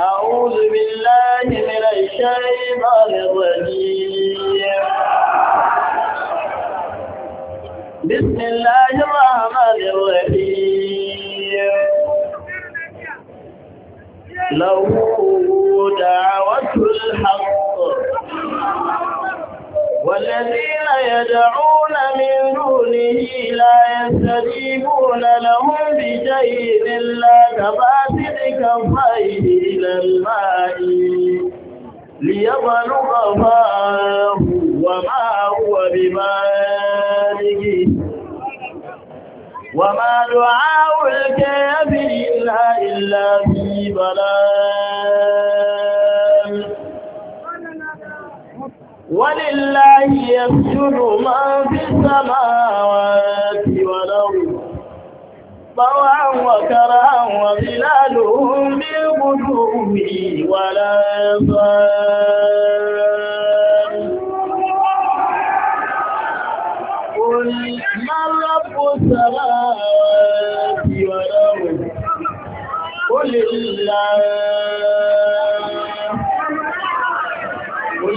أعوذ بالله من الشيطان الرجيم بسم الله الرحمن الرحيم له دعوة الحق والذين يدعون من دونه لا يستجيبون لهم بشيء إلا كباسط كفيه إلى الماء ليبلغ فاه وما هو بمالك وما دعاء الكافرين إلا في بلاد ولله يسجد ما في السماوات والأرض طوعا وكرها وظلالهم بالغدو ولا يصال قل من رب السماوات والأرض قل الله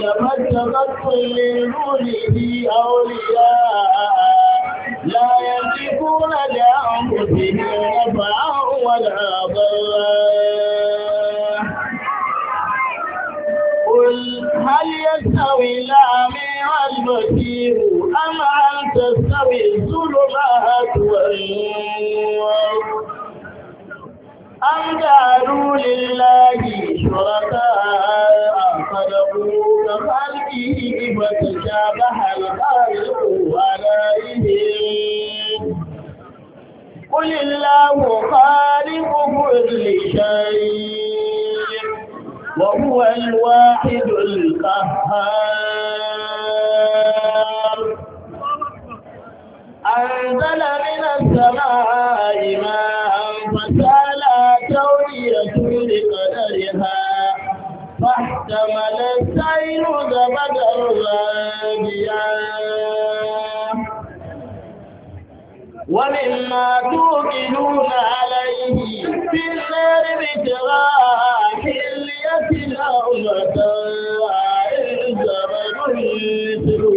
لما اتخذت من دونه أولياء لا يملكون لأنفسهم نفعا ولا ضرا قل هل يستوي الأعمى والبصير أم هل تستوي الظلمات والنور أم جعلوا لله قل الله خالق كل شيء وهو الواحد القهار أنزل من السماء ماء فسال تولية لقدرها فاحتمل السيل زبدا ومما توكلون عليه في النار بتغاء حلية أو متاع زمن مثله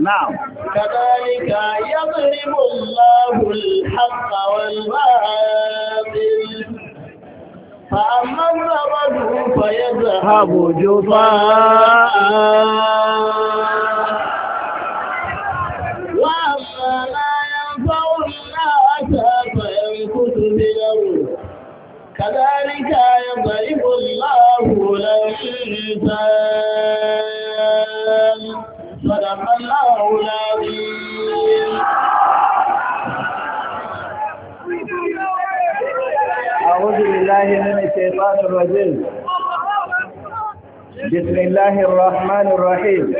نعم كذلك يضرب الله الحق والباطل فأما الزمن فيذهب جفاء يضرب الله الأمثال صدق الله العظيم أعوذ بالله من الشيطان الرجيم بسم الله الرحمن الرحيم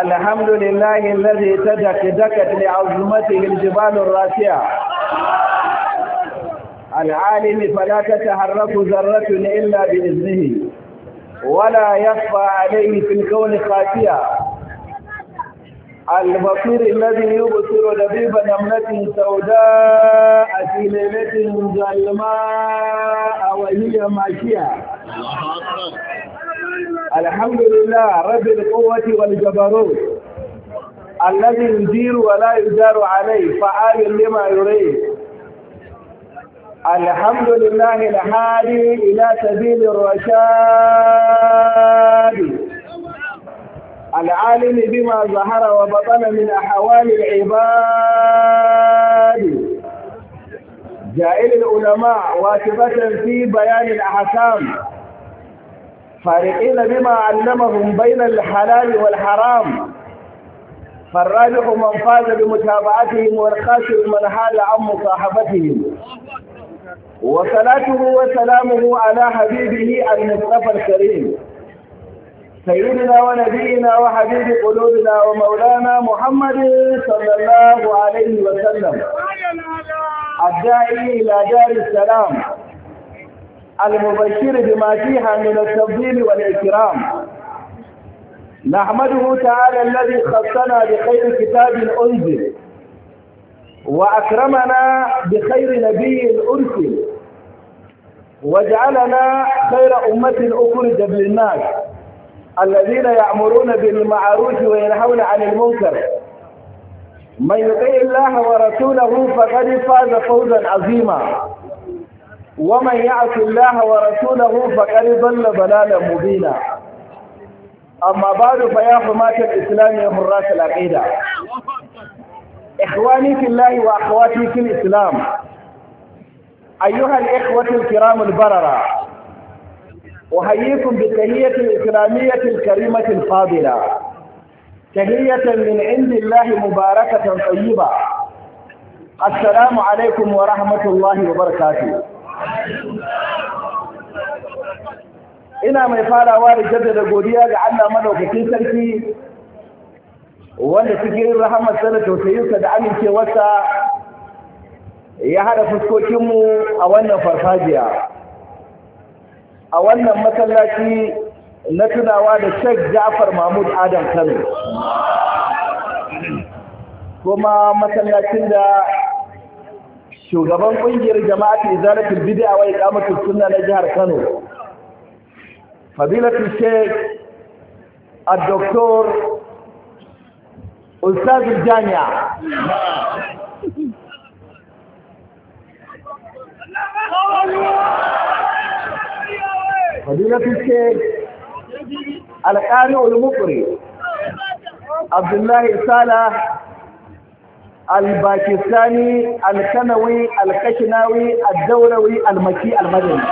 الحمد لله الذي تدك دكت لعظمته الجبال الراسعه العالم فلا تتحرك ذرة إلا بإذنه ولا يخفى عليه في الكون خاتية البصير الذي يبصر دبيب نملة سوداء في ليلة ظلماء وهي ماشية الحمد لله رب القوة والجبروت الذي يدير ولا يدار عليه فعال لما يريد الحمد لله الحالي إلى سبيل الرشاد العالم بما ظهر وبطن من أحوال العباد جائل العلماء واثبة في بيان الأحكام فارقين بما علمهم بين الحلال والحرام فالراجح من فاز بمتابعتهم والخاسر من حال عن مصاحبتهم وصلاته وسلامه على حبيبه المصطفى الكريم سيدنا ونبينا وحبيب قلوبنا ومولانا محمد صلى الله عليه وسلم الداعي إلى دار السلام المبشر بما فيها من التفضيل والإكرام نحمده تعالى الذي خصنا بخير كتاب أنزل وأكرمنا بخير نبي أرسل وجعلنا خير أمة أخرجت للناس الذين يأمرون بالمعروف وينهون عن المنكر من يطيع الله ورسوله فقد فاز فوزا عظيما ومن يعص الله ورسوله فقد ضل ضلالا مبينا أما بعد فيا حماة الإسلام يا حراس العقيدة إخواني في الله وأخواتي في الإسلام أيها الإخوة الكرام البررة أحييكم بالتهية الإسلامية الكريمة الفاضلة تهية من عند الله مباركة طيبة السلام عليكم ورحمة الله وبركاته إنا ما يفعل da جدد godiya لعلنا Allah في sarki wanda suke yin rahamarsa da tausayinsa da amincewarsa ya hada fuskokinmu a wannan farfajiya a wannan masallaci na tunawa da Sheikh Ja'far Mahmud Adam Kano kuma masallacin da shugaban kungiyar jama'atu izalatul bid'a wa iqamatus sunna na jihar Kano fadilatu Sheikh Dr. أستاذ الجامعة فضيلة الشيخ القارئ المقري عبد الله صالح الباكستاني الكنوي الكشناوي الدوروي المكي المدني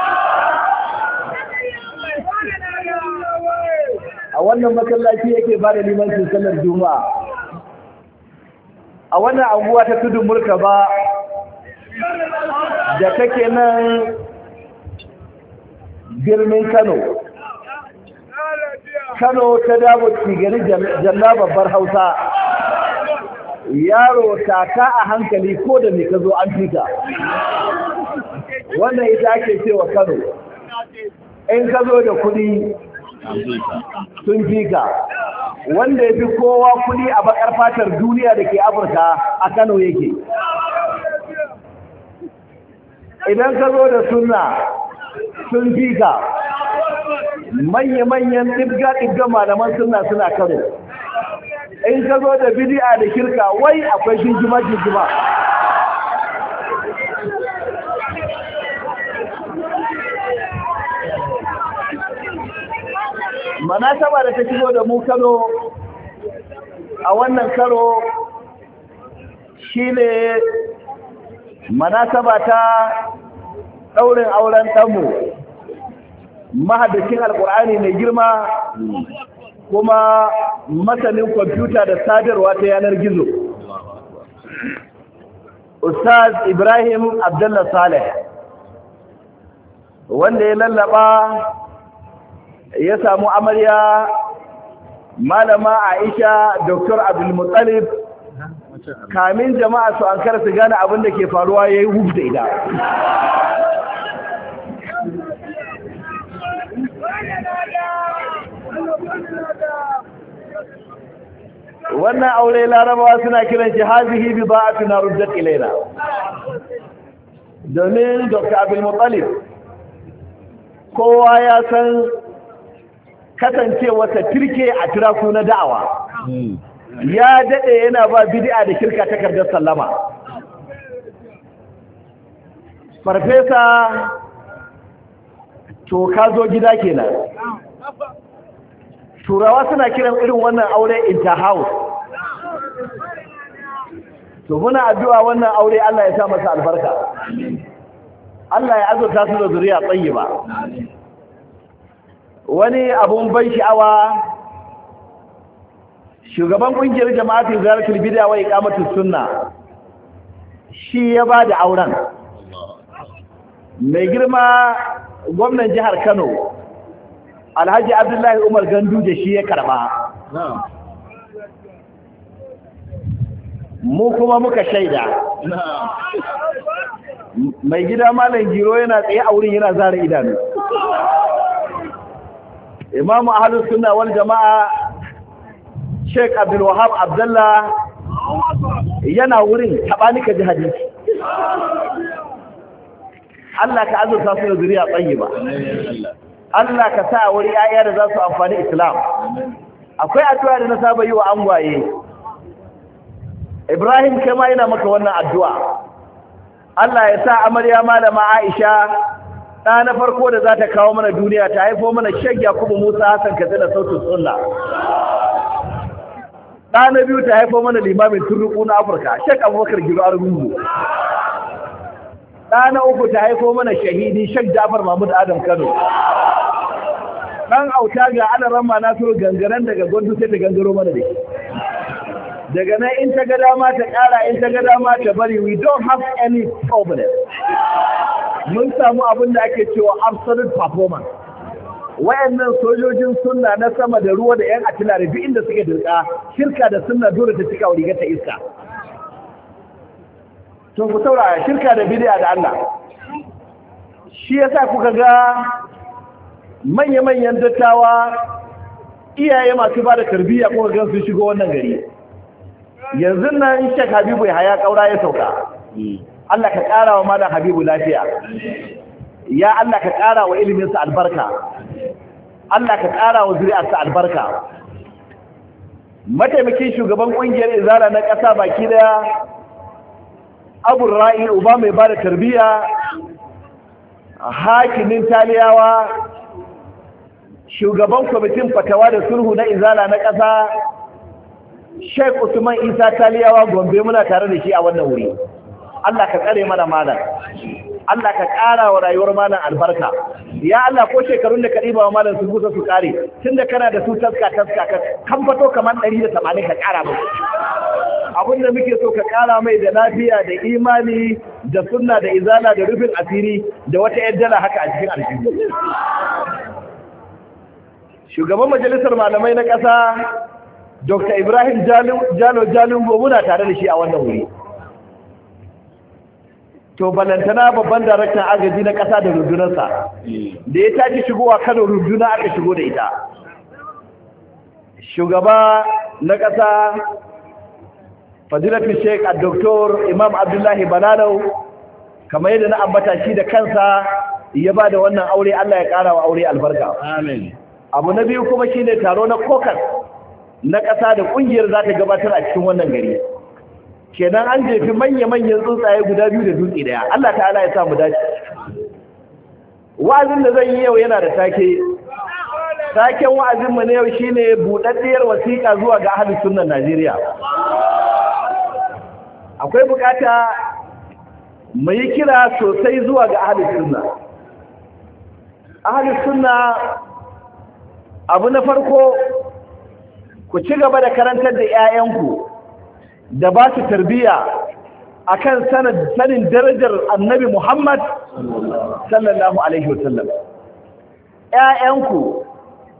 أولا a wannan masallaci yake ba da limancin sallar الجمعة a wannan anguwa ta tudun murka ba da take nan birnin kano kano ta dabo cigari janna babbar hausa yaro taka a hankali ko da mai ka zo an fita wannan ita ake cewa kano in ka zo da kudi sun fika wanda ya fi kowa kuɗi a bakar fatar duniya da ke afirka a kano yake idan ka zo da suna sun fi ka manya-manyan ɗibga-ɗibga malaman sunna suna kano in ka zo da bidi'a da kirka wai akwai jinjima-jinjima manasaba da ta shigo da mu kano a wannan karo shine manasaba ta ɗaurin auren ɗanmu mahadashin alƙur'ani mai girma kuma masanin kwamfuta da sadarwa ta yanar gizo ustaz ibrahim abdullah saleh wanda ya lallaba ya samu amarya malama aisha dr abdulmutsalif kamin jama'a su an karasa gane abin da ke faruwa ya yi huf da ida wannan aure larabawa suna kiran shi hazihi bi ba a tuna rujjar ilaina domin dr abdulmutsalif kowa ya san kasancewarsa tirke a tiraku na da'awa ya daɗe yana ba bidi'a da kirka takardar sallama farfesa to ka zo gida kenan turawa suna kiran irin wannan aure interhouse to muna addu'a wannan aure Allah ya sa masa albarka Allah ya azurta su da zuriya tsayi ba wani abun ban sha'awa shugaban kungiyar jama'atin zaratul bid'a wa iqamatus sunna shi ya ba da auren mai girma gwamnan jihar Kano Alhaji Abdullahi Umar gandu da shi ya karba mu kuma muka shaida mai gida malam giro yana tsaye a wurin yana zara idanu imamu ahalus suna wani jama'a Sheikh abdul wahab abdullah yana wurin taɓa nika ji hadisi Allah ka azurta su da zuriya ba Allah ka sa wuri ayya da za su amfani islam akwai addu'a da na saba yi wa angwaye Ibrahim kai yana maka wannan addu'a Allah ya sa amarya malama Aisha ɗa na farko da za ta kawo mana duniya ta haifo mana shek yakubu musa hassan zina sautin sunna ɗa na biyu ta haifo mana limamin turruku na afirka shek abubakar giro argungu ɗa na uku ta haifo mana shahidi shek jafar mahmud adam kano ɗan auta ga ana ramma nasiru gangaren daga gwandu sai da gangaro mana da daga nan in ta ga dama ta ƙara in ta ga dama ta bari we don't have any problem mun samu abin da ake cewa absolute performance wayannan sojojin sunna na sama da ruwa da yan atilare duk inda suke dirka shirka da sunna dole ta cika riga ta iska to ku saurara shirka da bid'a da Allah shi yasa kuka ga manya-manyan dattawa iyaye masu ba da tarbiyya kuka gan sun shigo wannan gari yanzu nan shek habibu ya haya ƙaura ya sauka Allah ka ƙara wa malam habibu lafiya ya Allah ka ƙara wa iliminsa albarka Allah ka ƙara wa zuri'arsa albarka mataimakin shugaban ƙungiyar izara na ƙasa baki daya abu ra'i uba mai ba da tarbiyya hakimin taliyawa shugaban kwamitin fatawa da sulhu na izala na ƙasa Sheikh Usman Isa Taliyawa Gombe muna tare da shi a wannan wuri Allah ka tsare mana malam Allah ka ƙara wa rayuwar malam albarka ya Allah ko shekarun da ka ɗiba wa malam sun kusa su ƙare tunda kana da su taska taska ka kamfato kamar ɗari da tamanin ka ƙara mai abin da muke so ka ƙara mai da lafiya da imani da sunna da izala da rufin asiri da wata yar dala haka a cikin aljihu shugaban majalisar malamai na ƙasa Dr. Ibrahim Jalo Jalingo muna tare da shi a wannan wuri. To balantana babban daraktan agaji na ƙasa da rundunarsa da ya tashi shigowa Kano runduna aka shigo da ita. Shugaba na ƙasa Fadilatu Sheikh a Dr. Imam Abdullahi Bananau, kamar yadda na ambata shi da kansa ya ba da wannan aure Allah ya ƙara wa aure albarka. Amin. Abu na biyu kuma shine taro na kokas na ƙasa da ƙungiyar za ta gabatar a cikin wannan gari kenan an jefi manya-manyan tsuntsaye guda biyu da dutse daya Allah ta'ala ya samu dace wa'azin da zan yi yau yana da take taken wa'azin mu na yau shine buɗaɗɗiyar wasiƙa zuwa ga ahlus Sunan Najeriya akwai buƙata mu yi kira sosai zuwa ga ahlus Sunan. ahlus Sunan abu na farko ku ci gaba da karantar da 'ya'yanku da ba su tarbiya a kan sanin darajar annabi Muhammad sallallahu alaihi wasallam ƴaƴanku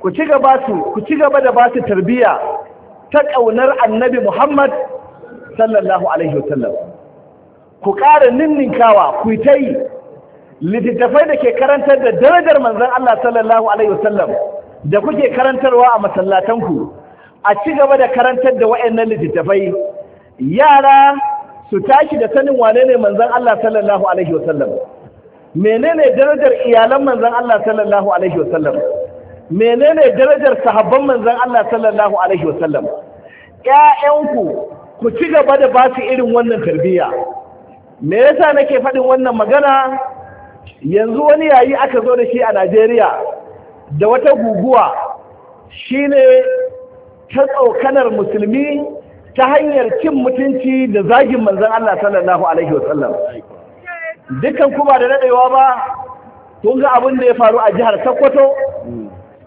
ku ci gaba da ba su tarbiya ta ƙaunar annabi Muhammad sallallahu alaihi wasallam ku ƙara ninninkawa ku ta yi littattafai da ke karantar da darajar manzon Allah sallallahu alaihi wasallam da kuke karantarwa a masallatanku a ci gaba da karantar da wa'annan littattafai yara su tashi da sanin wane ne manzon Allah sallallahu alaihi wasallam menene darajar iyalan manzon Allah sallallahu alaihi wasallam menene darajar sahabban manzon Allah sallallahu alaihi wasallam ƴaƴanku ku ci gaba da ba su irin wannan tarbiyya me yasa nake faɗin wannan magana yanzu wani yayi aka zo da shi a Najeriya da wata guguwa shine ta tsokanar musulmi ta hanyar cin mutunci da zagin manzan Allah sallallahu alaihi wasallam dukan kuma da daɗewa ba kun ga abin da ya faru a jihar Sokoto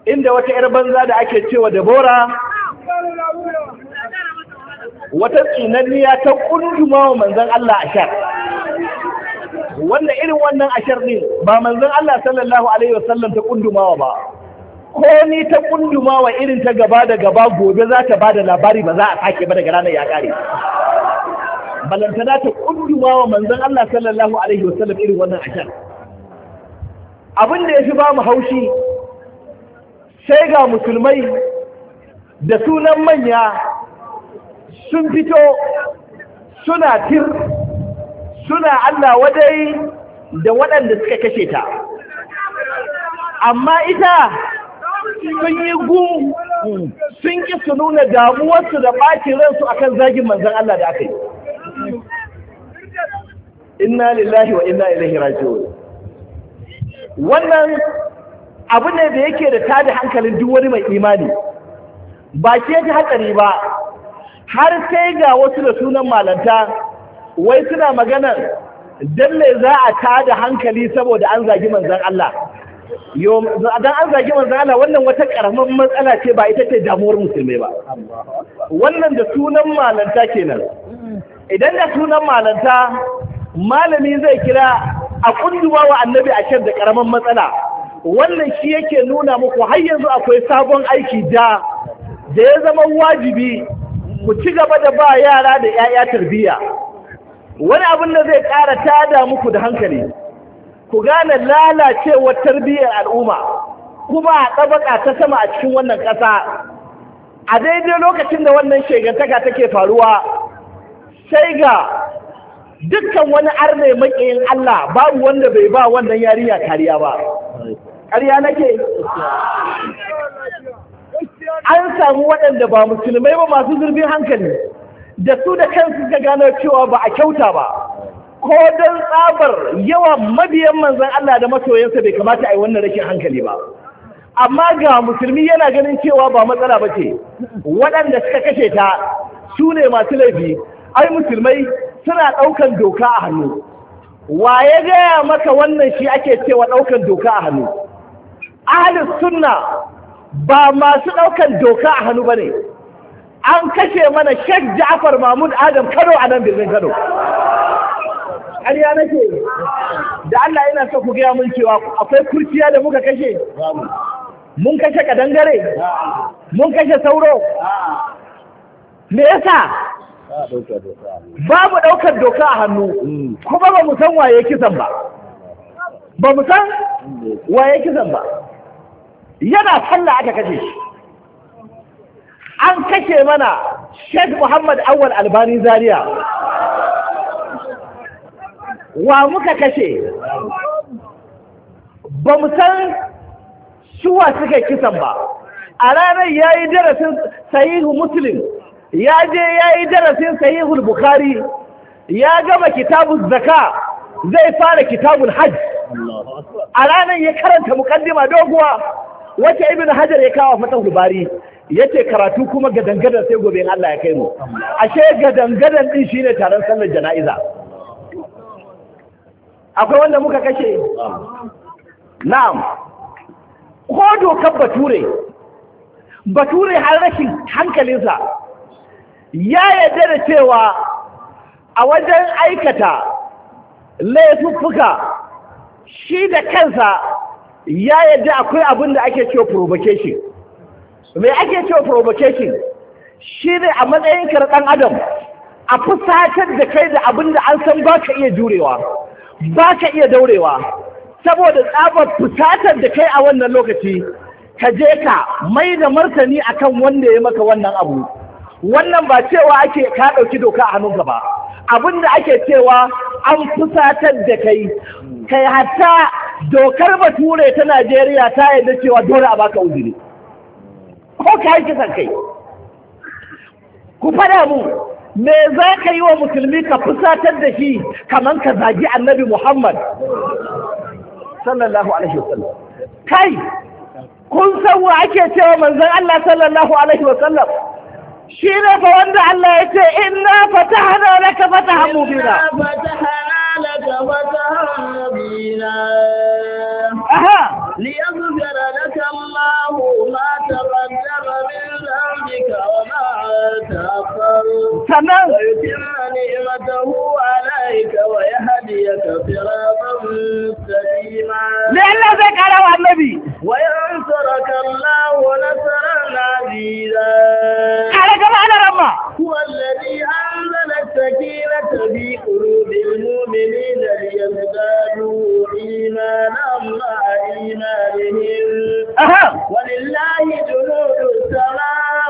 inda wata 'yar banza da ake cewa Dabora wata tsinanniya ta kunduma wa manzan Allah ashar wanda irin wannan ashar ne ba manzan Allah sallallahu alaihi wasallam ta ƙundumawa ba ko ni ta kunduma wa irin ta gaba da gaba gobe za ta bada labari ba za a sake ba daga ranar ya kare balantana ta kunduma wa manzon Allah sallallahu alaihi wasallam irin wannan ashar abin da ya fi ba mu haushi sai ga musulmai da sunan manya sun fito suna tir suna Allah wadai da waɗanda suka kashe ta amma ita sun yi gu sun ki su nuna damuwarsu da ɓacin ransu akan zagin manzan Allah da aka yi inna lillahi wa inna ilaihi raji'un wannan abu ne da yake da tada hankalin duk wani mai imani ba ke ji hatsari ba har sai ga wasu da sunan malanta wai suna maganar dan me za a tada hankali saboda an zagi manzan Allah don an zagi manzo Allah wannan wata karamar matsala ce ba ita ce damuwar musulmai ba wannan da sunan malanta kenan idan da sunan malanta malami zai kira a kunduwa wa annabi a da karamar matsala wannan shi yake nuna muku har yanzu akwai sabon aiki da da ya zama wajibi mu ci gaba da ba yara da 'ya'ya tarbiyya wani abin da zai ƙara tada muku da hankali ku gane lalacewar tarbiyyar al'umma kuma a ɗabaka ta sama a cikin wannan ƙasa a daidai lokacin da wannan shegantaka take faruwa sai ga dukkan wani arne maƙiyin Allah babu wanda bai ba wannan yarinya kariya ba ƙarya nake an samu waɗanda ba musulmai ba masu zurbin hankali da su da kansu suka gano cewa ba a kyauta ba ko don tsabar yawa mabiyan manzan Allah da masoyansa bai kamata a yi wannan rashin hankali ba amma ga musulmi yana ganin cewa ba matsala ba ce waɗanda suka kashe ta su ne masu laifi ai musulmai suna ɗaukan doka a hannu wa ya gaya maka wannan shi ake cewa ɗaukan doka a hannu ahalin sunna ba masu ɗaukan doka a hannu ba ne an kashe mana shek ja'afar mahmud adam kano a nan birnin kano ƙarya nake da Allah yana so ku gaya mun cewa akwai kurciya da muka kashe mun kashe kadangare mun kashe sauro me yasa babu ɗaukar doka a hannu kuma ba mu san waye kisan ba ba mu san waye kisan ba yana sallah aka kashe shi an kashe mana Sheikh Muhammad Awal Albani Zaria wa muka kashe ba mu san shuwa suka kisan ba a ranar ya yi darasin sahihu muslim ya je ya yi darasin sahihu bukhari ya gama kitabun zaka zai fara kitabun hajj a ranar ya karanta mukaddima doguwa Wace ibn hajar ya kawo fatahul ya ce karatu kuma gadangadan sai gobe Allah ya kai mu ashe gadangadan din shine taron sallar jana'iza akwai wanda muka kashe na'am ko dokar bature bature har rashin hankalinsa ya yadda da cewa a wajen aikata laifuffuka shi da kansa ya yadda akwai abin da ake cewa provocation mai ake cewa provocation shi ne a matsayin karɗan adam a fusatar da kai da abin da an san ba ka iya jurewa ba ka iya daurewa saboda tsabar fusatar da kai a wannan lokaci ka je ka mai da martani akan wanda ya maka wannan abu wannan ba cewa ake ka ɗauki doka a hannunka ba abin da ake cewa an fusatar da kai kai hatta dokar bature ta najeriya ta yarda cewa dole a baka uzuri ko ka yi kisan kai ku faɗa mu me za ka yi wa musulmi ka fusatar da shi kamar ka zagi annabi Muhammad sallallahu alaihi wasallam kai kun san wa ake cewa manzon Allah sallallahu alaihi wasallam shi ne fa wanda Allah ya ce inna fatahna laka fatahan mubina aha liyaghfira laka Allahu ma taqaddama sannan da Allah zai kara wa annabi kare gaba da ramma السكينة في قلوب المؤمنين ليزدادوا إيمانا مع إيمانهم ولله جنود السماوات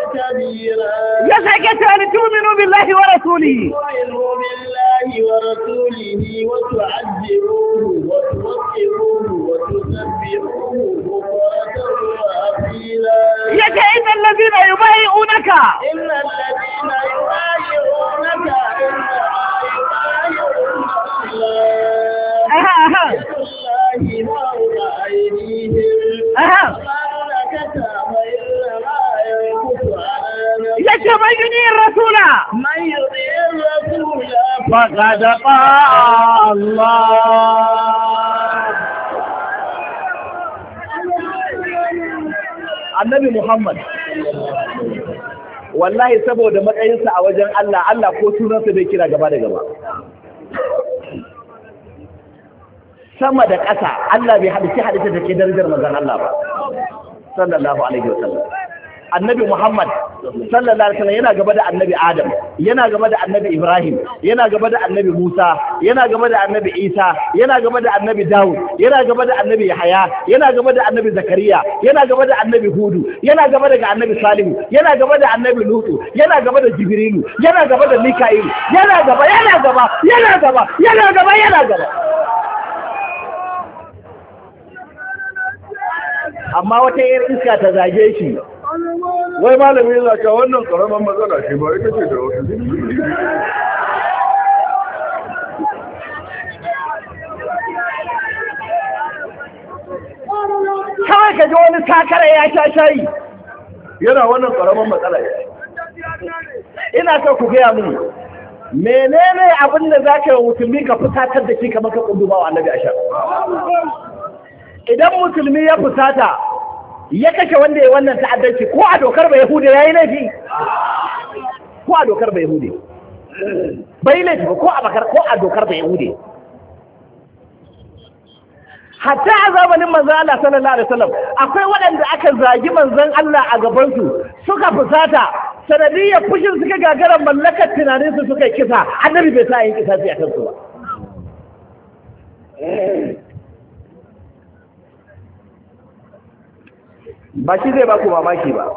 كبيرا يسعك أن تؤمن بالله ورسوله تؤمن بالله ورسوله وتعذروه وتوقروه وتسبحوه بكرة وأصيلا يسعك الذين يبايعونك إن الذين فقد قال الله annabi Muhammad wallahi saboda matsayinsa a wajen Allah Allah ko sunansa bai kira gaba da gaba sama da ƙasa Allah bai hadisi hadisi da ke darajar manzon Allah ba sallallahu alaihi wasallam annabi Muhammad sallallahu alaihi wasallam yana gaba da annabi Adam yana gaba da annabi Ibrahim yana gaba da annabi Musa yana gaba da annabi Isa yana gaba da annabi daud yana gaba da annabi Yahaya yana gaba da annabi Zakariya yana gaba da annabi Hudu yana gaba da annabi Salihu yana gaba da annabi Lutu yana gaba da Jibrilu yana gaba da Mika'il yana gaba yana gaba yana gaba yana gaba yana gaba amma wata 'yar iska ta zage shi wai malami yana cewa wannan karaman matsala shi ba ita ce da wasu kawai ka ji wani takara ya sha shayi yana wannan ƙaramin matsala ce ina so ku gaya mun menene abin da za ka yi musulmi ka fusatar da shi kamar ka kundu ba wa annabi sha idan musulmi ya fusata ya kashe wanda ya wannan ta'addanci ko a dokar ba yahude ya yi laifi ko a dokar ba yahude bai laifi ko a dokar ba yahude hatta a zamanin manzan Allah sallallahu alaihi wasallam akwai waɗanda aka zagi manzan Allah a gabansu suka fusata sanadiyar fushin suka gagara mallakar tunaninsu suka kisa annabi bai sa yin kisa sai a kansu ba ba shi zai baku mamaki ba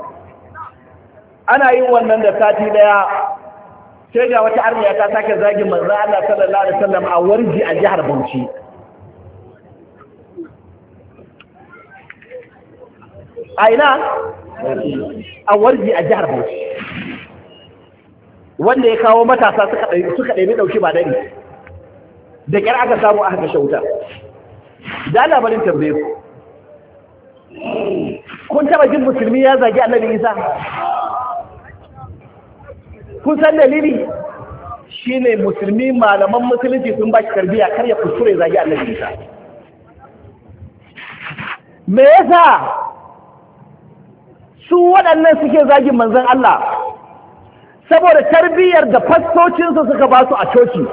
ana yin wannan da sati daya sai ga wata arziki ta sake zagin manzo Allah sallallahu alaihi wasallam a warji a jihar Bauchi a ina a warji a jihar Bauchi wanda ya kawo matasa suka mai ɗauki ba dare da kyar aka samu a haka shauta da labarin tambaye ku kun taba jin musulmi ya zagi annabi isa kun san dalili shine musulmi malaman musulunci sun ba shi tarbiyya kar ya kuskure zagi annabi isa me yasa su waɗannan suke zagin manzon Allah saboda tarbiyyar da fastocinsu suka ba su a coci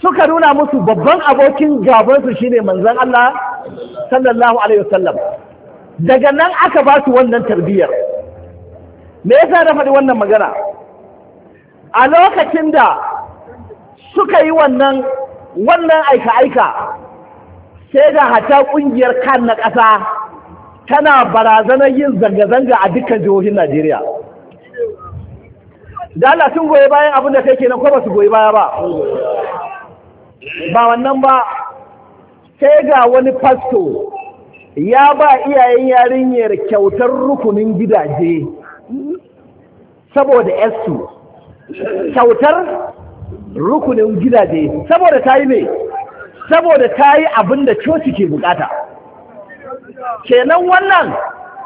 suka nuna musu babban abokin gabansu shine manzon Allah sallallahu alaihi wasallam daga nan aka ba su wannan tarbiyyar me yasa na faɗi wannan magana a lokacin da suka yi wannan wannan aika-aika sai da hata ƙungiyar kan na ƙasa tana barazanar yin zanga-zanga a dukkan jihohin najeriya dala sun goyi bayan abin da kai nan, ko ba su goyi baya ba ba wannan ba sai ga wani fasto ya ba iyayen yarinyar kyautar rukunin gidaje saboda yasu kyautar rukunin gidaje saboda ta yi mai saboda ta yi abin da coci ke bukata kenan wannan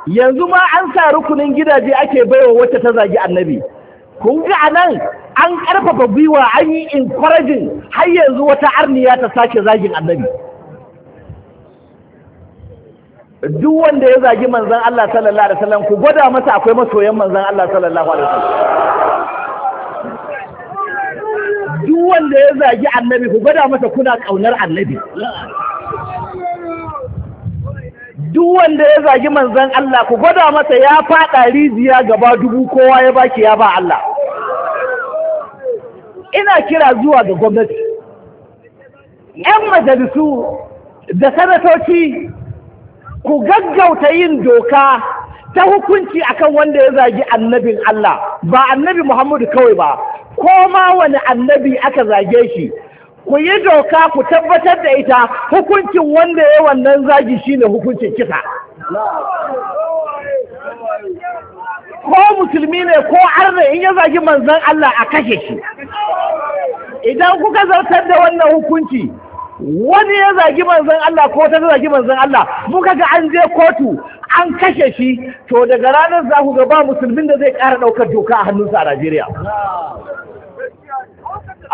yanzu ma an sa rukunin gidaje ake baiwa wata ta zagi annabi kun ga anan an karfafa gwiwa an yi encouraging har yanzu wata arniya ta sake zagin annabi duk wanda ya zagi manzan Allah sallallahu alaihi wasallam ku gwada masa akwai masoyan manzan Allah sallallahu alaihi wasallam duk wanda ya zagi annabi ku gwada masa kuna kaunar annabi duk wanda ya zagi manzan Allah ku gwada masa ya faɗa rijiya gaba dubu kowa ya baki ya ba Allah ina kira zuwa ga gwamnati 'yan majalisu da sanatoci ku gaggauta yin doka ta hukunci akan wanda ya zagi annabin Allah ba annabi Muhammadu kawai ba ko ma wani annabi aka zage shi ku yi doka ku tabbatar da ita hukuncin wanda ya wannan zagi shine hukuncin kisa ko musulmi ne ko arna in ya zagi manzon Allah a kashe shi idan kuka zartar da wannan hukunci wani ya zagi manzon Allah ko ta zagi manzon Allah muka ga an je kotu an kashe shi to daga ranar za ku ga ba musulmin da zai ƙara ɗaukar doka a hannunsa a Najeriya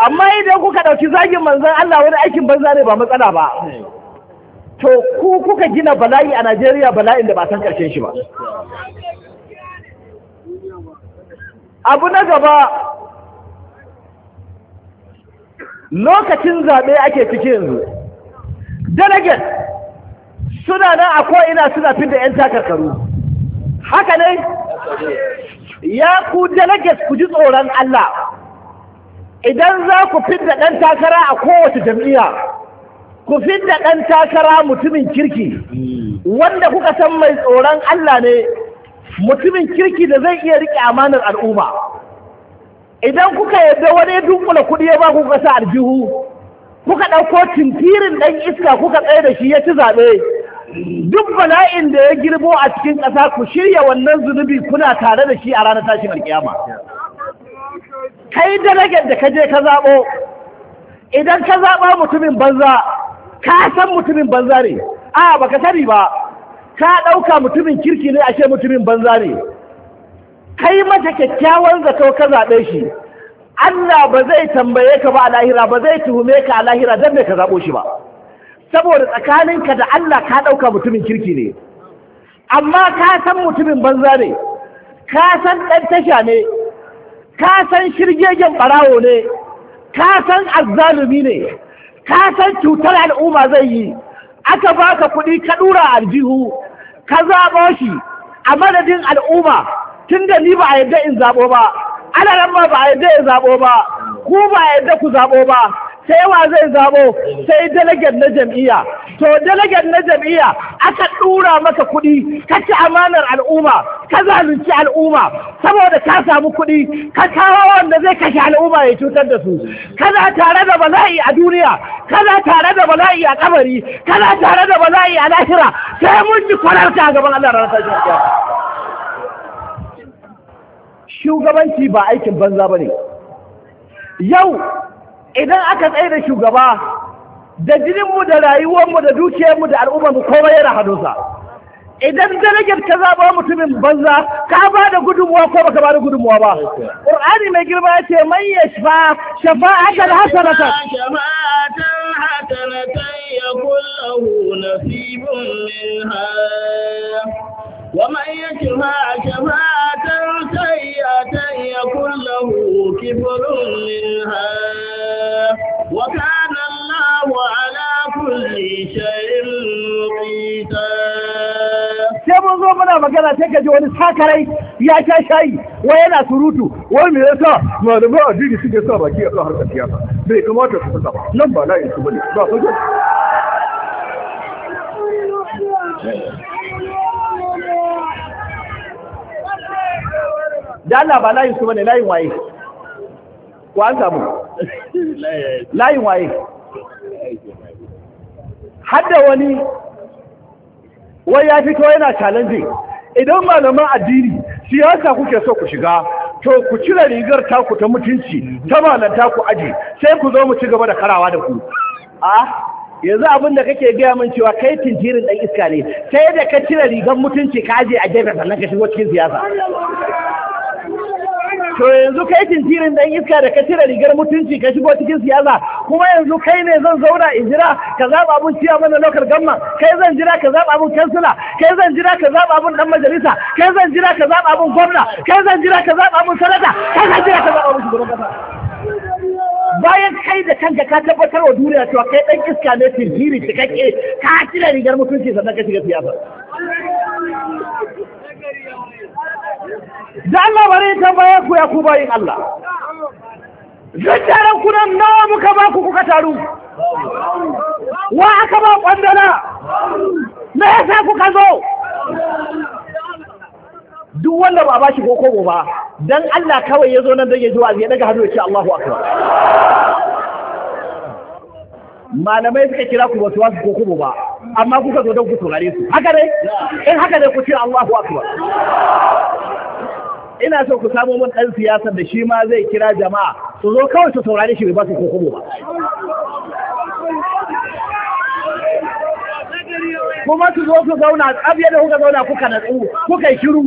amma idan kuka ɗauki zagin manzon Allah wani aikin banza ne ba matsala ba to ku kuka gina bala'i a Najeriya bala'in da ba san karshen shi ba abu na gaba lokacin zaɓe ake ciki yanzu delegate suna nan a ko'ina suna fi da 'yan takarkaru haka ne ya ku delegate ku ji tsoron Allah idan za ku fi da ɗan takara a kowace jam'iyya ku fi da ɗan takara mutumin kirki wanda kuka san mai tsoron Allah ne mutumin kirki da zai iya riƙe amanar al'umma idan kuka yadda wani ya dunkula kuɗi ya ba ku kasa aljihu kuka ɗauko tintirin ɗan iska kuka tsaye da shi ya ci zaɓe duk bala'in da ya girbo a cikin ƙasa ku shirya wannan zunubi kuna tare da shi a ranar tashin alƙiyama kai darajar da ka je ka zaɓo idan ka zaɓa mutumin banza ka san mutumin banza ne a baka sani ba ka ɗauka mutumin kirki ne ashe mutumin banza ne kai mata kyakkyawan zato ka zaɓe shi Allah ba zai tambaye ka ba a lahira ba zai tuhume ka a lahira don me ka zaɓo shi ba saboda tsakaninka da Allah ka ɗauka mutumin kirki ne amma ka san mutumin banza ne ka san ɗan tasha ne ka san shirgegen ɓarawo ne ka san azzalumi ne ka san cutar al'umma zai yi aka baka kuɗi ka ɗura aljihu ka zaɓo shi a madadin al'umma tun da ni ba a yadda in zaɓo ba alaran ma ba a yadda in zaɓo ba ku ba a yadda ku zaɓo ba sai wa zai zaɓo sai dalagar na jam'iyya to dalagar na jam'iyya aka ɗura maka kuɗi ka ci amanar al'umma ka zalunci al'umma saboda ka samu kuɗi ka kawo wanda zai kashe al'umma ya cutar da su kana tare da bala'i a duniya kana tare da bala'i a kabari kana tare da bala'i a lahira sai mun ji kwalarta gaban Allah ranar tashin shugabanci ba aikin banza ba ne yau idan aka tsaye da shugaba da jininmu da rayuwarmu da dukiyarmu da al'ummarmu komai yana hannunsa idan darajar ka zaba mutumin banza ka ba da gudunmuwa ko baka ba da gudunmuwa ba qur'ani mai girma ya ce man shafa shafa'atan hasanatan shafa'atan yakul lahu nasibun minha ومن يجمع جماعة سيئة يكن له كفر منها وكان الله على كل شيء مقيتا sai mun zo muna magana sai ka ji wani sakarai ya sha shayi wai yana surutu wai me yasa malamai addini suke sa baki a harkar siyasa bai kamata su saba nan ba layin su bane ba hujja da Allah ba layin su bane layin waye ko an samu layin waye hadda wani wai ya fito yana challenging idan malaman addini siyasa kuke so ku shiga to ku cire rigar taku ta mutunci ta malanta ku aji sai ku zo mu ci gaba da karawa da ku a yanzu abin da kake gaya min cewa kai tinjirin dan iska ne sai da ka cire rigar mutunci ka aje a gefe sannan ka shigo cikin siyasa to yanzu kai tintirin dan iska da ka cire rigar mutunci ka shigo cikin siyasa kuma yanzu kai ne zan zauna in jira ka zaba abun ciya mana lokar gamma kai zan jira ka zaba abun kansila kai zan jira ka zaba abun dan majalisa kai zan jira ka zaba abun gwamna kai zan jira ka zaba abun sanata kai zan jira ka zaba abun shugaban kasa bayan kai da kanka ka tabbatar wa duniya cewa kai dan iska ne tintiri cikakke ka cire rigar mutunci sannan ka shiga siyasa da Allah bari tambaya ku ya ku bayin Allah Zan tare ku nan nawa muka ba ku kuka taru wa aka ba kwandala me yasa kuka zo duk wanda ba ba shi ko kobo ba dan Allah kawai ya zo nan dan ya ji wa'azi ya daga hannu ya ce Allahu akbar malamai suka kira ku ba su wasu ko Kobo ba amma kuka zo don ku saurare su haka ne in haka ne ku ce Allahu akbar ina so ku samo mun ɗan siyasa da shi ma zai kira jama'a su zo kawai su saurari shi ba su ko kuma ba kuma su zo su zauna abiya da kuka zauna kuka natsu kuka yi shiru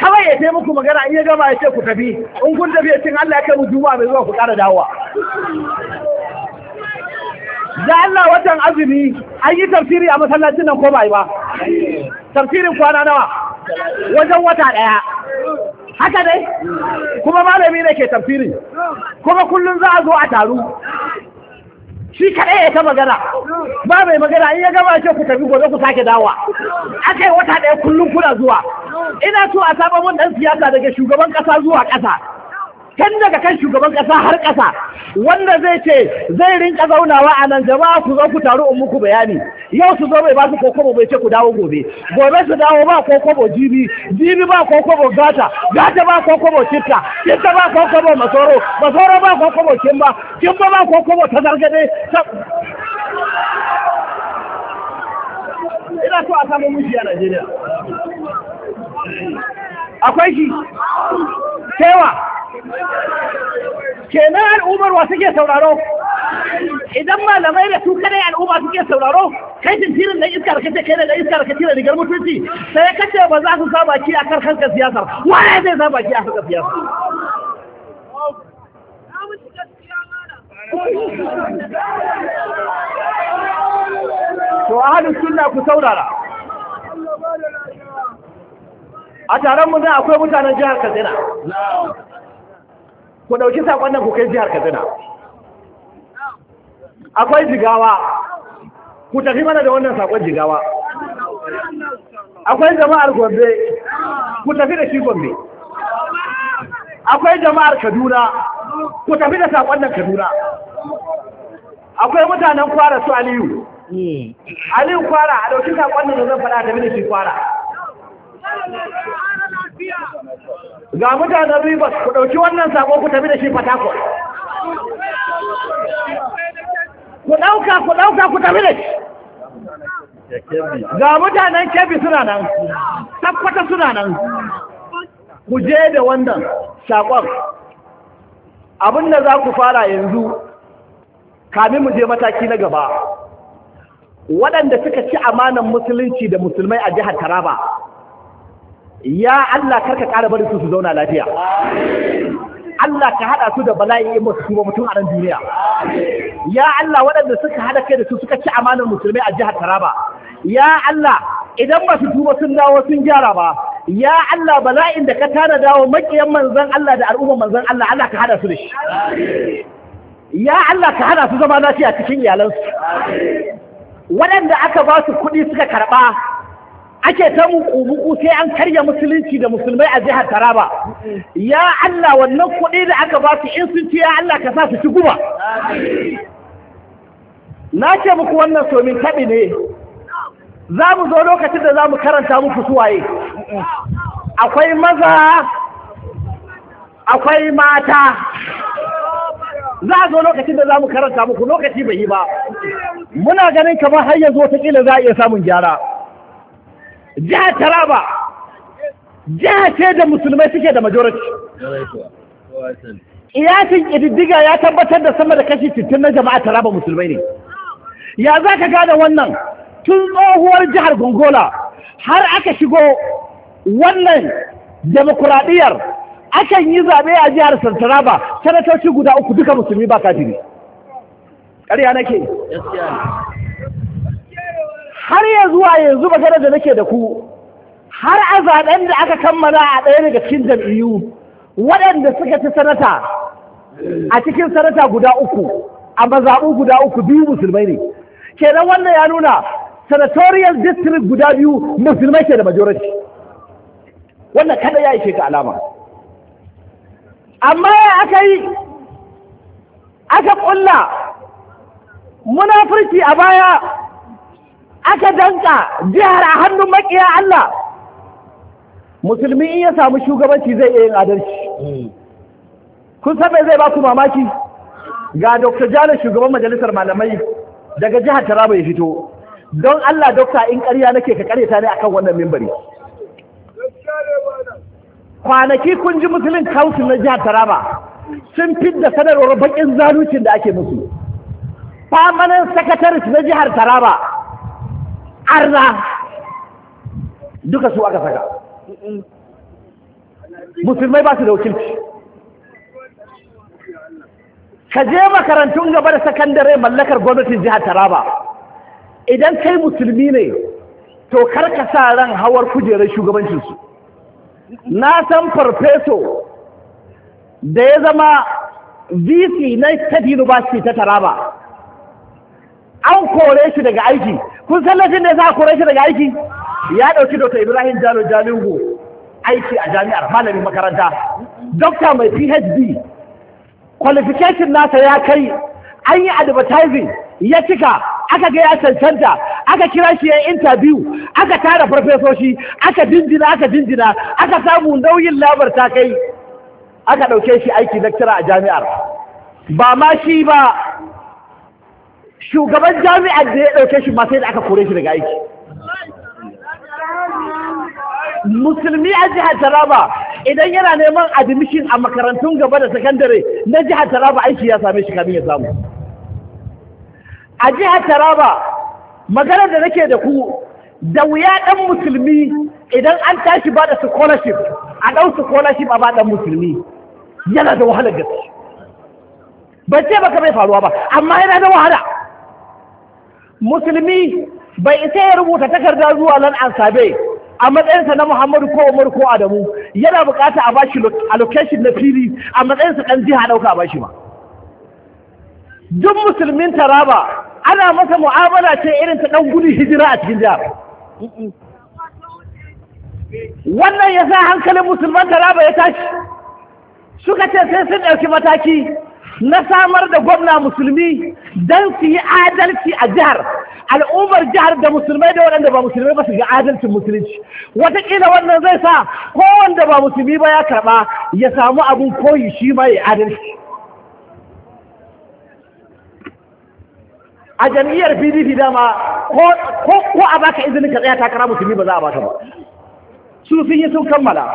kawai ya taimaku muku magana in ya gama ya ce ku tafi in kun tafi cin Allah ya kai mu juma mai zuwa ku ƙara dawowa da Allah watan azumi an yi tafsiri a masallacin nan ko ba ba tafsirin kwana nawa wajen wata ɗaya haka dai kuma malami ne ke tafsiri kuma kullum za a zo a taru shi kaɗai ya ta magana ba mai magana in ya gama ce ku tafi gobe ku sake dawa aka yi wata ɗaya kullum kuna zuwa ina so a saba mun ɗan siyasa daga shugaban ƙasa zuwa ƙasa tun daga kan shugaban ƙasa har ƙasa wanda zai ce zai rinka zaunawa a nan jama'a ku zo ku taru in muku bayani yau su zo bai ba su ko kobo bai ce ku dawo gobe gobe su dawo ba ko kobo jibi jibi ba ko kobo gata gata ba ko kobo citta citta ba ko kobo masoro masoro ba ko kobo kimba kimba ba ko kobo tazargade ina so a samu miji a Najeriya akwai shi kewa kenan al'ummar wa ke sauraro idan malamai da su kare al'umma suke sauraro kai tintirin da iska da kace kai da iska da kace rigar mutunci sai kace ba za su sa baki a kan siyasa. siyasar waye zai sa baki a harkar siyasar to a ahlus sunna ku saurara a taron mu zai akwai mutanen jihar Katsina ku dauki sakon nan ku kai jihar Katsina akwai jigawa ku tafi mana da wannan sakon jigawa akwai jama'ar gombe ku tafi da shi gombe akwai jama'ar kaduna ku tafi da sakon nan kaduna akwai mutanen kwara su aliyu aliyu kwara a ɗauki sakon nan da zan faɗa tafi da shi kwara ga mutanen ribas ku ɗauki wannan sakon ku tafi da shi fatakon ku ɗauka ku ɗauka ku tafi da ga mutanen kebi suna nan tabbata suna nan ku je da wannan saƙon abin da za ku fara yanzu kamin mu je mataki na gaba waɗanda suka ci amanan musulunci da musulmai a jihar taraba ya Allah karka ƙara bari su su zauna lafiya Allah ka haɗa su da bala'i in masu tuba mutum a nan duniya. Ya Allah waɗanda suka haɗa kai da su suka ci amanar musulmai a jihar Taraba. Ya Allah idan masu tuba sun dawo sun gyara ba. Ya Allah bala'in da ka tana dawo maƙiyan manzan Allah da al'umman manzan Allah Allah ka haɗa su da shi. Ya Allah ka haɗa su zama lafiya cikin iyalansu. Waɗanda aka ba su kuɗi suka karɓa ake ta muku sai an karya musulunci da musulmai a jihar Taraba. Ya Allah wannan kuɗi da aka ba su in sun ci ya Allah ka sa su ci guba. Na ce muku wannan somin taɓi ne, za mu zo lokacin da za mu karanta muku suwaye. Akwai maza, akwai mata. Za a zo lokacin da za mu karanta muku lokaci bai yi ba. Muna ganin kamar har yanzu watakila za a iya samun gyara. jihar taraba jiha ce da musulmai suke da majority iyasin ƙididdiga ya tabbatar da sama da kashi cikin na jama'a taraba musulmai ne ya za ka gada wannan tun tsohuwar jihar gongola har aka shigo wannan demokuraɗiyar akan yi zaɓe a jihar santaraba sanatoci guda uku duka musulmi ba kafiri ƙarya nake har ya zuwa yanzu magana da nake da ku har a zaben da aka kammala a ɗaya daga cikin jam'iyyu waɗanda suka ci sanata a cikin sanata guda uku a mazaɓu guda uku biyu musulmai ne kenan wannan ya nuna senatorial district guda biyu musulmai ke da majority wannan kada ya ishe ka alama amma ya aka yi aka ƙulla munafurci a baya aka danka jihar a hannun makiya Allah musulmi in ya samu shugabanci zai iya yin adalci kun san me zai ba ku mamaki ga Dr. jana shugaban majalisar malamai daga jihar Taraba ya fito don Allah dokta in ƙarya nake ka ƙareta ne akan wannan mimbari kwanaki kun ji musulun council na jihar Taraba sun fidda sanarwar bakin zalucin da ake musu famanin secretary na jihar Taraba arna duka su aka saka musulmai ba su da wakilci ka je makarantun gaba da sakandare mallakar gwamnatin jihar taraba idan kai musulmi ne to karka sa ran hawar kujerar shugabancinsu na san farfeso da ya zama vc na state university ta taraba an kore shi daga aiki kun san lafin da a kore shi daga aiki ya ɗauki Dr. Ibrahim Jalo Jalingo aiki a jami'ar malamin makaranta Dokta mai PhD qualification nasa ya kai an yi advertising ya cika aka gaya cancanta aka kira shi ya interview aka tara farfesoshi aka dindina aka dindina aka samu nauyin labar ta kai aka ɗauke shi aiki lecturer a jami'ar ba ma shi ba shugaban jami'ar da ya ɗauke shi masai da aka kore shi daga aiki musulmi a jihar taraba idan yana neman admission a makarantun gaba da sakandare na jihar taraba aiki ya same shi kamin ya samu a jihar taraba maganar da nake da ku da wuya ɗan musulmi idan an tashi ba da scholarship a ɗau scholarship a ba ɗan musulmi yana da wahalar gaske ban ce baka bai faruwa ba amma yana da wahala musulmi bai isa ya rubuta takarda zuwa lan ansabe a matsayinsa na Muhammadu ko Umar ko Adamu yana bukata a bashi allocation na fili a matsayinsa ɗan jiha dauka a bashi ba duk musulmin taraba ana masa mu'amala ce irin ta ɗan gudun hijira a cikin jihar wannan ya sa hankalin musulman taraba ya tashi suka ce sai sun ɗauki mataki na samar da gwamna musulmi don su yi adalci a jihar al'ummar jihar da musulmai da waɗanda ba musulmai ba su ga adalcin musulunci wataƙila wannan zai sa ko ba musulmi ba ya karɓa ya samu abin koyi shi ma ya adalci a jam'iyyar pdp dama ko a baka izinin ka tsaya takara musulmi ba za a baka ba su sun yi sun kammala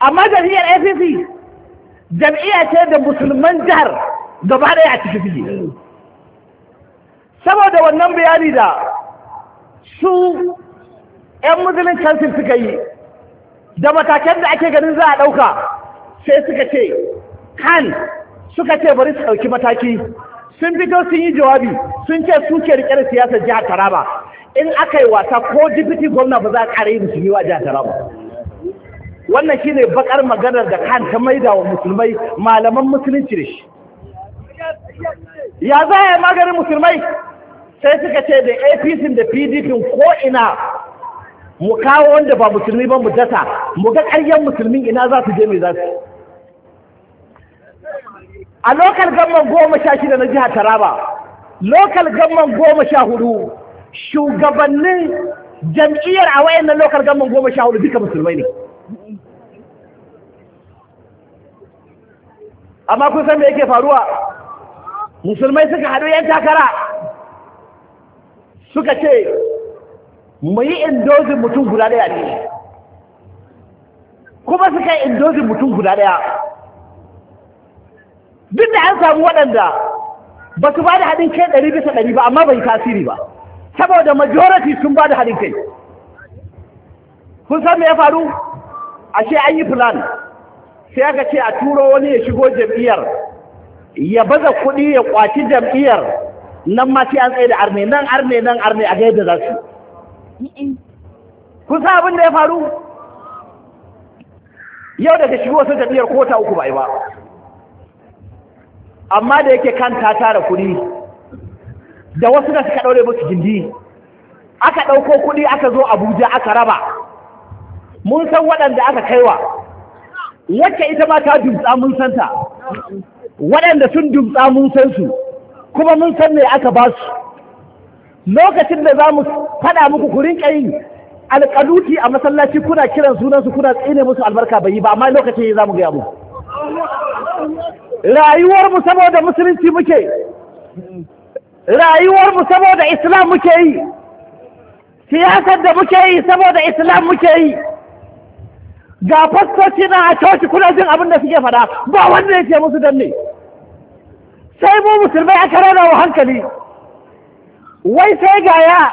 amma jam'iyyar apc jam'iyya ce da musulman jihar gaba ɗaya a cikin fili saboda wannan bayani da su 'yan muslim kansu suka yi da matakan da ake ganin za a ɗauka sai suka ce kan suka ce bari su ɗauki mataki sun fito sun yi jawabi sun ce su ke riƙe da siyasar jihar taraba in aka yi wasa ko jifiti gwamna ba za a ƙara yi musulmi wa jihar taraba wannan shi ne bakar maganar da kan ta maida wa musulmai malaman musulunci da shi ya za a yi maganin musulmai sai suka ce da apc da pdp ko ina mu kawo wanda ba musulmi ba mu dasa mu ga ƙaryen musulmin ina za su je mai za su a lokal gamman goma sha shida na jihar taraba lokal gamman goma sha hudu shugabannin jam'iyyar a wayan na lokal gamman goma sha hudu duka musulmai ne amma kun san me yake faruwa musulmai suka haɗu yan takara suka ce mu yi indozin mutum guda ɗaya ne kuma suka yi indozin mutum guda ɗaya duk da an samu waɗanda ba su ba da haɗin kai ɗari bisa ɗari ba amma bai tasiri ba saboda majority sun ba da haɗin kai kun san me ya faru ashe an yi plan sai aka ce a turo wani ya shigo jam'iyyar ya baza kuɗi ya kwaci jam'iyyar nan ma sai an tsaye da arne nan arne nan arne a gaida za su kun san abin da ya faru yau daga shigo wasu jam'iyyar ko ta uku ba ba amma da yake kan ta tara kuɗi da wasu da suka ɗaure musu gindi aka ɗauko kuɗi aka zo abuja aka raba mun san waɗanda aka kaiwa yadda ita ma ta dubtsa mun santa waɗanda sun dubtsa mun san su kuma mun san me aka ba su lokacin da za mu faɗa muku ku rinka yin alƙaluti a masallaci kuna kiran sunansu kuna tsine musu albarka bai yi ba amma lokacin za mu gaya mu rayuwar mu saboda musulunci muke rayuwar mu saboda islam muke yi siyasar da muke yi saboda islam muke yi ga fastoci na a coci kuna jin abin da suke faɗa ba wanda ya ce musu danne. sai mu musulmai aka rana wa hankali wai sai ga ya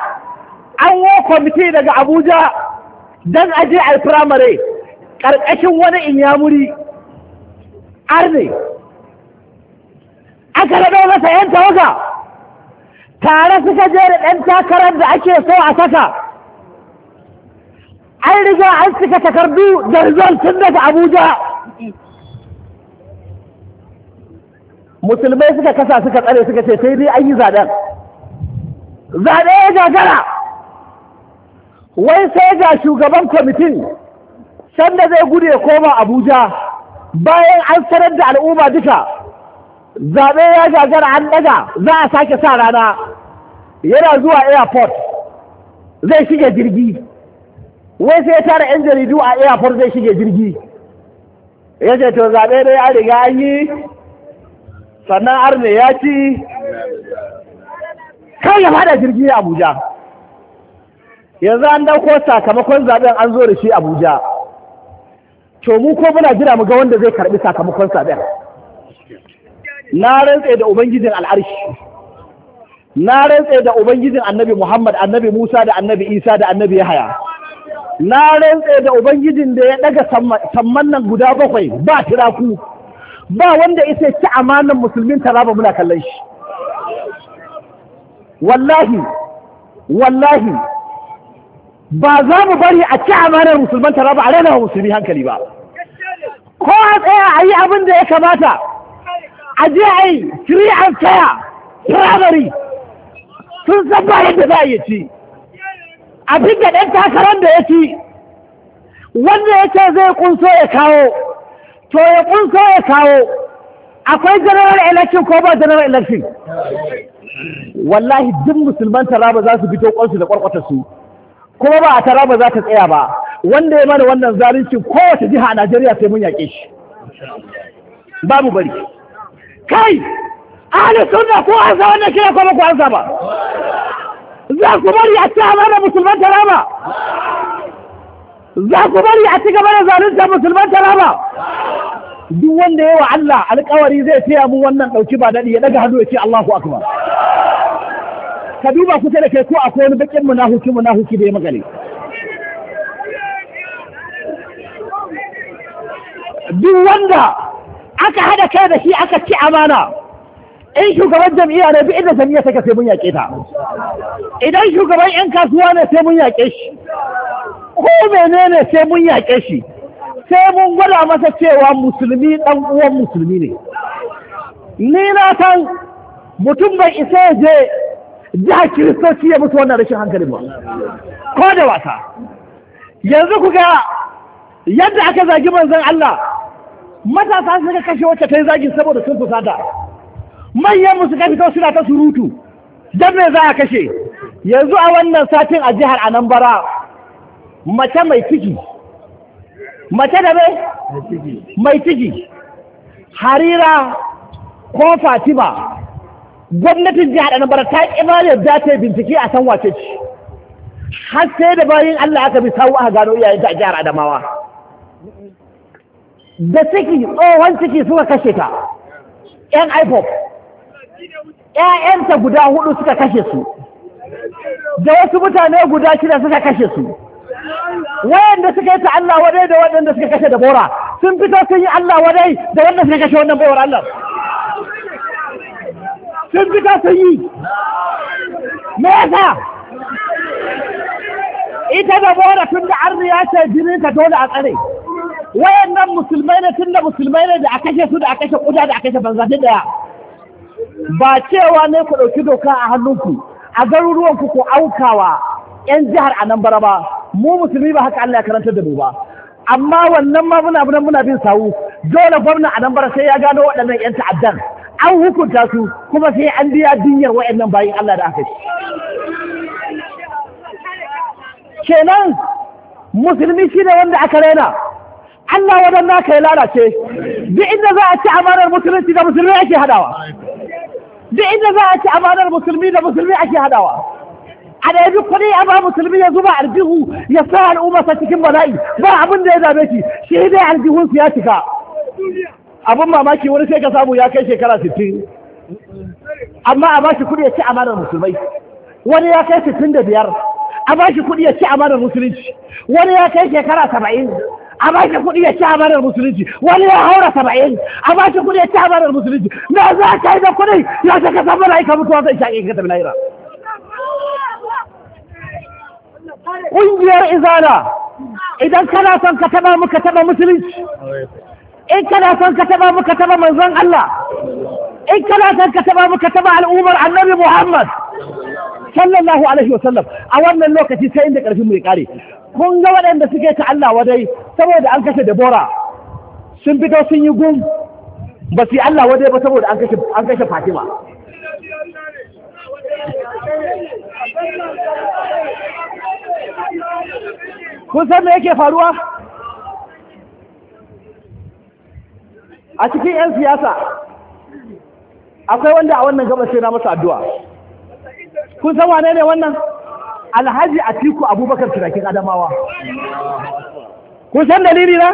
an wo kwamiti daga abuja don aje a firamare ƙarƙashin wani inyamuri arne aka rana masa yan tawaga tare suka je da ɗan takarar da ake so a saka an riga an cika takardu da rizal tun daga abuja musulmai suka kasa suka tsare suka ce sai dai an yi zaɗen zaɗe ya gagara wai sai ga shugaban kwamitin sanda zai gude koma abuja bayan an sanar da al'umma duka zaɓe ya gagara an ɗaga za a sake sa rana yana zuwa airport zai shiga jirgi wai sai ya tara yan jaridu a airport zai shige jirgi ya ce to zaɓe dai ya riga an yi sannan arne ya ci kan ya fada jirgi a abuja yanzu an dauko sakamakon zaɓen an zo da shi abuja to mu ko muna jira mu ga wanda zai karɓi sakamakon zaɓen na rantse da ubangijin al'arshi na rantse da ubangijin annabi muhammad annabi musa da annabi isa da annabi yahaya na rantse da ubangijin da ya ɗaga samman nan guda bakwai ba tiraku ba wanda isa ci amanan musulmin taraba muna kallon shi wallahi wallahi ba za mu bari a ci amanar musulman taraba a ranar musulmi hankali ba ko a tsaya a yi abin da ya kamata a je a yi free and fair primary sun san ba yadda za a yi ci abin da ɗan takarar da ya ci wanda ya ce zai kunso ya kawo to ya kunso ya kawo akwai general election ko ba general election wallahi duk musulman taraba za su fito kwansu da kwarkwata su kuma ba a taraba za ta tsaya ba wanda ya mana wannan zalincin kowace jiha a najeriya sai mun yaƙe shi babu bari kai ahli sunna ko an sa wannan kira ko an sa ba za ku bari a ci amana musulman taraba za ku bari a ci gaba da zalunta musulman taraba duk wanda yawa Allah alƙawari zai taya mu wannan ɗauki ba daɗi ya ɗaga hannu ya ce Allahu akbar ka duba kusa da kai ko akwai wani bakin munahuki munahuki da ya magale duk wanda aka hada kai da shi aka ci amana in shugaban jam'iyya ne bi inda jam'iyya take sai mun yaƙe ta idan shugaban yan kasuwa ne sai mun yaƙe shi ko menene sai mun yaƙe shi sai mun gwada masa cewa musulmi ɗan uwan musulmi ne ni na san mutum bai isa ya je jihar kiristoci ya mutu wannan rashin hankali ba ko da wasa yanzu ku ga yadda aka zagi manzon Allah matasa suka kashe wacce ta yi zagin saboda sun fusata manyan musu fito suna ta surutu dan me za a kashe yanzu a wannan satin a jihar Anambra mace mai ciki mace da mai ciki harira ko fatima gwamnatin jihar anambra ta imanin yadda ta yi bincike a san wace ci har sai da bayan allah aka bi sawu aka gano iyayenta a jihar adamawa da ciki tsohon ciki suka kashe ta yan ipop ‘ya'yanta guda hudu suka kashe su, da wasu mutane guda shida suka kashe su, wayanda suka yi ta Allah wadai da waɗanda suka kashe da bora, sun fito sun yi Allah wadai da waɗanda suka kashe wannan bora Allah. Sun fito sun yi, me yasa? Ita da bora tun da ya ce jinin ka dole a tsare. Wayannan musulmai ne tun da musulmai ne da a kashe su da a kashe kuda da a kashe banza daya. ba cewa ne ku ɗauki doka a hannunku a garuruwanku ku aukawa 'yan jihar a nan bara ba mu musulmi ba haka Allah ya karanta da mu ba amma wannan ma muna muna bin sawu dole gwamna a nan bara sai ya gano waɗannan 'yan ta'addan an hukunta su kuma sai an biya dinyar waɗannan bayin Allah da aka kenan musulmi shi wanda aka raina Allah waɗanda ka yi lalace duk inda za a ci amanar musulunci da musulmi ake hadawa duk inda za a ci amanar musulmi da musulmi ake hadawa a da yabi kuɗi a ba musulmi ya zuba aljihu ya sa al'ummarsa cikin bala'i ba abin da ya dame shi shi dai aljihunsu ya cika abin mamaki wani sai ka samu ya kai shekara sittin amma a ba shi kuɗi ya ci amanar musulmai wani ya kai sittin da biyar a ba shi kuɗi ya ci amanar musulunci wani ya kai shekara saba'in a ba shi kuɗi ya ci abarar musulunci wani ya haura saba'in a ba shi kuɗi ya ci abarar musulunci na za ka yi da kuɗi ya ce ka samu la'ika mutuwa zai shaƙi ka tafi lahira ƙungiyar izala idan kana son ka taɓa muka taɓa musulunci in kana son ka taɓa muka taɓa manzon Allah in kana son ka taɓa muka taɓa al'ummar annabi Muhammad sallallahu alaihi wa sallam, a wannan lokaci sai inda ƙarfin mu ya ƙare mun ga waɗanda suke ta Allah wadai saboda an kashe Debora sun fito sun yi gum ba su yi Allah wadai ba saboda an kashe Fatima kun san me yake faruwa a cikin 'yan siyasa akwai wanda a wannan gaba sai na masa addu'a kun san wane ne wannan alhaji a tiku abubakar turakin adamawa kun san dalili na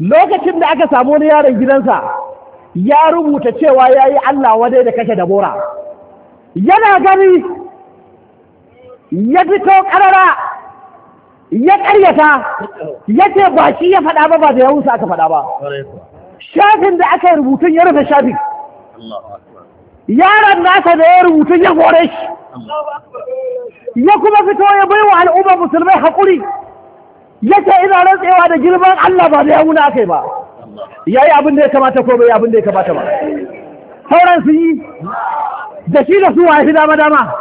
lokacin da aka samu wani yaron gidansa ya rubuta cewa ya yi allah wadai da kashe dabora yana gani ya fito karara ya karyata ya ce ba shi ya faɗa ba ba da yawunsa aka faɗa ba shafin da aka rubutun ya rufe shafin yaron nasa da ya rubutu ya hore shi ya kuma fito ya bai wa al'ummar musulmai haƙuri ya ce ina rantsewa da girman Allah ba da ya wuna aka yi ba ya yi abin da ya kamata ko bai abin da ya kamata ba sauran su yi da shi da su wa fi dama dama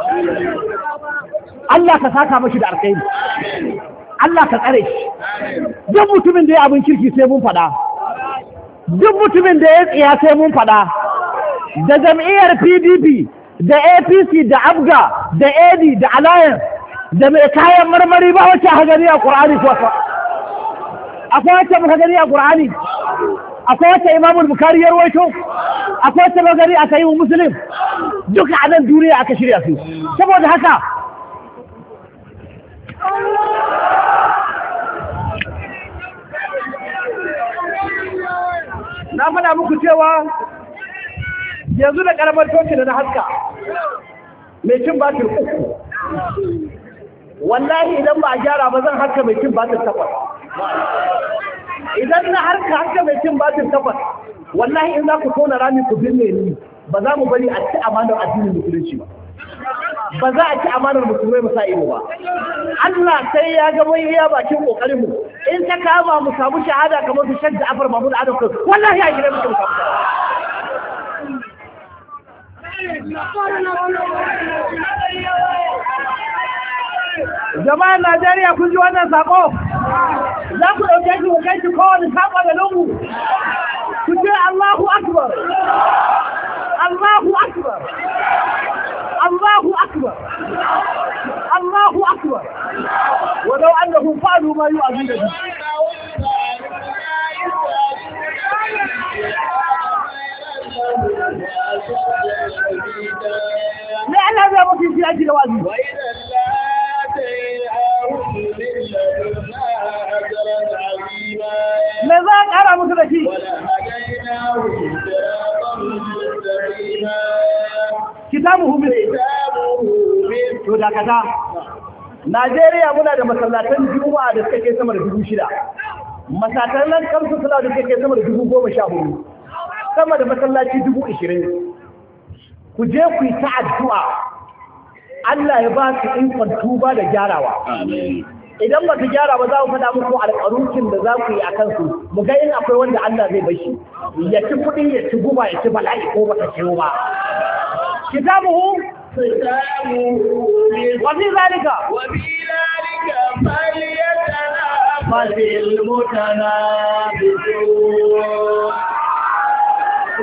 Allah ka saka mashi da alkhairi Allah ka tsare shi duk mutumin da ya abin kirki sai mun faɗa duk mutumin da ya tsiya sai mun faɗa da jam'iyyar pdp da apc da abga da ad da alliance da mai kayan marmari ba wacce aka gani a ƙur'ani ko fa akwai wacce muka gani a ƙur'ani akwai wacce imamul bukari ya rawaito akwai wacce muka gani aka yi wa musulun Duk a nan duniya aka shirya su saboda haka na faɗa muku cewa yanzu da karamar toci da na haska mai cin batir uku wallahi idan ba a gyara ba zan haska mai cin batir takwas idan na harka haska mai cin batir takwas wallahi in za ku tona rami ku binne ni ba za mu bari a ci amanar addinin musulunci ba ba za a ci amanar musulmai mu sa ba Allah sai ya ga mun iya bakin kokarin mu in ta kama mu samu shahada kamar su shadda afar mahmud adam kan wallahi ya gire mu samu jama'ar najeriya kun ji wannan sako za ku ɗauke shi ku kai shi kowane sako da lungu ku ce allahu akbar allahu akbar allahu akbar allahu akbar wadau an da kun fa'alu ma yu'azuna bihi Allah zai mutu shi aji me za a ƙara musu da shi dakata Najeriya muna da masallatan juma da suka ke sama da dubu shida masallatan nan kamsu suna da suka ke sama da dubu goma sha hudu sama da masallaci dubu ishirin ku je ku yi ta addu'a Allah ya ba su ikon tuba da gyarawa idan ba su gyara ba za mu faɗa muku alƙaruncin da za ku yi a kansu mu ga in akwai wanda Allah zai bashi ya ci kuɗi ya ci guba ya ci bala'i ko ba ta ciwo ba kitabuhu وفي ذلك وفي ذلك فليتنافس المتنافسون